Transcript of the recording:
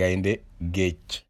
gaynde géej